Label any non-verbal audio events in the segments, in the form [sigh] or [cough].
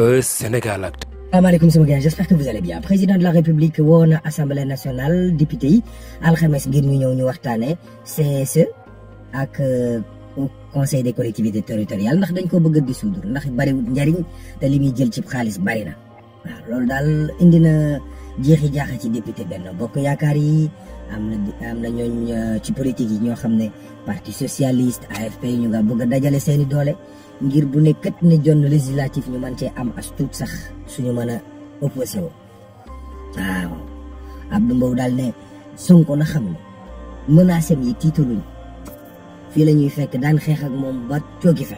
Buzz Sénégal Actu salaamaaleykum sama gars j'espère que vous allez président de la république woo assemblée nationale député yi alxames ngir ñu ñëw ñu waxtaane CSE ak euh, conseil des collectivités territoriales ndax dañ ko bëgg a dissoudre ndax bari njariñ te li muy jël ci xaalis bari na indi na jeexi jaaxa ci député Benno Bokk Yaakaar yi am na am na ñooñ euh, ci politique yi ñoo xam ne parti socialiste AFP ñu nga bëgg a dajale seeni doole ngir bu ne kat ne jonn législatif ñu mën cee am as tuut sax suñu mën a opposé wo waaw Abdou Mbow daal ne Sonko na xam ne menaces yi tiitaluñ fii la ñuy fekk daan xeex ak moom ba coogi fe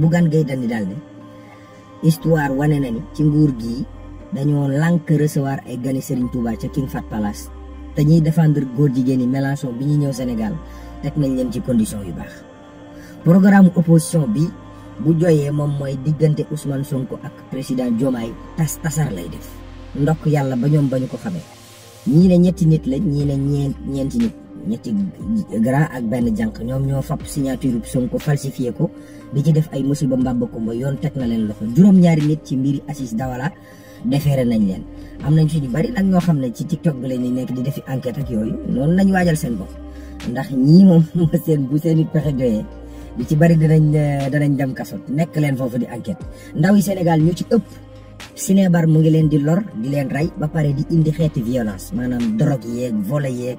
Bougane Gueye Dany daal ne histoire wane na ni ci nguur gii dañoo lànk recevoir ay gani Serigne Touba ca King Fat Palace te ñuy défendre góor jigéen yi Mélenchon bi ñuy ñëw Sénégal teg nañ leen ci condition yu baax programme opposition bi bu joyee moom mooy diggante Ousmane Sonko ak président Diomaye tas tasar lay def ndokk yàlla ba ñoom ba ñu ko xamee ñii ne ñetti nit lañ ñii ne ñeenti nit ñetti grand ak benn jànq ñoom ñoo fab signature bi Sonko falsifié ko di ci def ay musiba mbàmba kumba yoon teg na leen loxo juróom-ñaari nit ci mbiri Aziz Dabala defeere nañ leen am nañ ci ñu bari nag ñoo xam ne ci TikTok bi la nekk di defi enquête ak yooyu noonu lañ waajal seen bopp ndax ñii moom [laughs] seen bu seen i pexe doyee li ci bari danañ euh, danañ dem kaso nekk leen foofu di enquête ndaw yi Sénégal ñu ci ëpp Sinébar mu ngi leen di lor di leen rey ba pare di indi xeeti violence maanaam drogue yeeg volet yeeg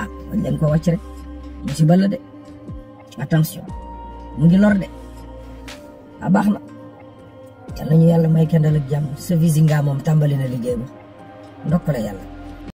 ah kon dañ ko wàcc rek musiba de attention mu ngi lor de a ah, baax na te nañu yàlla may kendal ak jàmm service yi nga moom tàmbali na liggéey ba ndokk yàlla